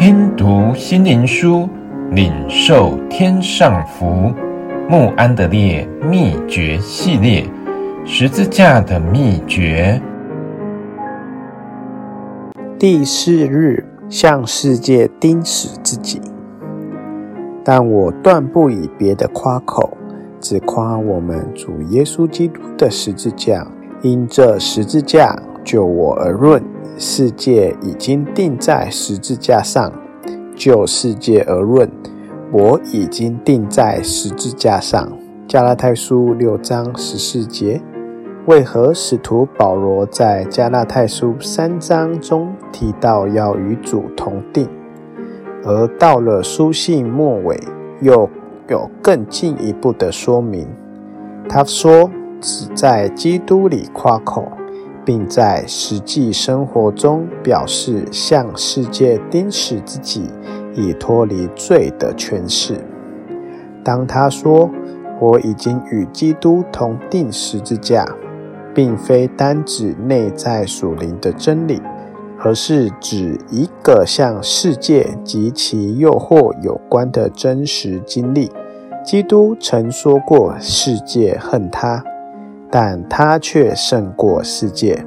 聽讀心靈書，領受天上福。慕安德烈秘訣系列，《十字架的秘訣》第四日，向世界釘死自己。但我斷不以別的誇口，只誇我們主耶穌基督的十字架，因這十字架，就我而論，世界已經釘在十字架上；就世界而論，我已經釘在十字架上。加拉太書六章十四節。為何使徒保羅在加拉太書三章中提到要與主同釘？而到了書信末尾又有更進一步的說明。他說：“只在基督裡誇口。”並在實際生活中表示向世界釘死自己，以脫離罪的權勢。當他說“我已經與基督同釘十字架”，並非單指內在屬靈的真理，而是指一個向世界及其誘惑有關的真實經歷。基督曾說過：“世界恨他。”但他卻勝過世界。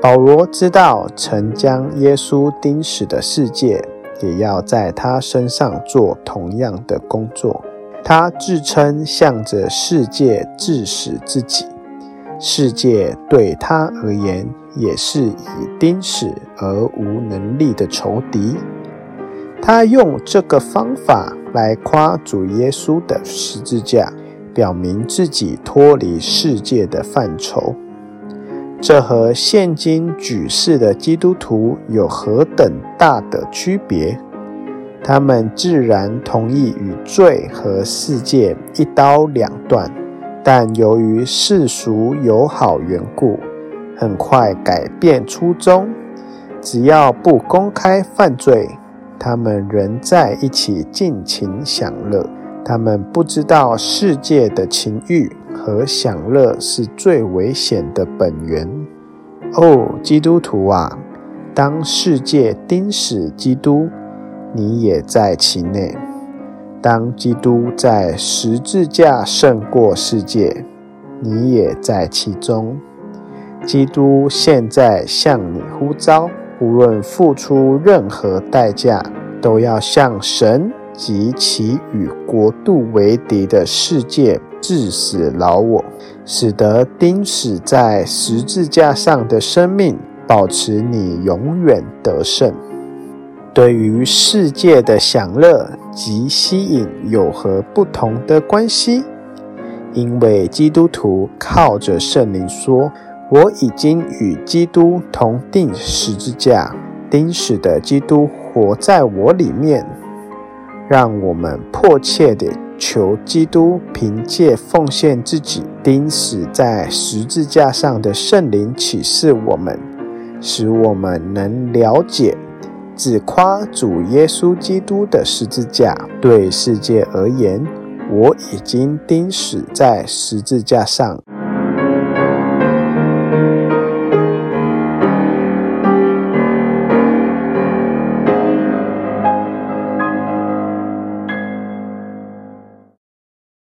保羅知道，曾將耶穌釘死的世界，也要在他身上做同樣的工作。他自稱向着世界治死自己，世界對他而言，也是已釘死而無能力的仇敵。他用這個方法來誇主耶穌的十字架。表明自己脫離世界的範疇，這和現今舉世的基督徒有何等大的區別！他們自然同意與罪和世界一刀兩斷，但由於世俗友好緣故，很快改變初衷。只要不公開犯罪，他們仍在一起盡情享樂。他們不知道世界的情慾和享樂是最危險的本源。哦，基督徒啊，當世界釘死基督，你也在其內；當基督在十字架勝過世界，你也在其中。基督現在向你呼召，無論付出任何代價，都要向神，及其與國度為敵的世界，治死老我，使得釘死在十字架上的生命，保持你永遠得勝。對於世界的享樂及吸引有何不同的關係？因為基督徒靠着聖靈說：“我已經與基督同釘十字架，釘死的基督活在我裡面。”讓我們迫切地求基督，憑借奉獻自己釘死在十字架上的聖靈啟示我們，使我們能了解，只誇主耶穌基督的十字架。對世界而言，我已經釘死在十字架上。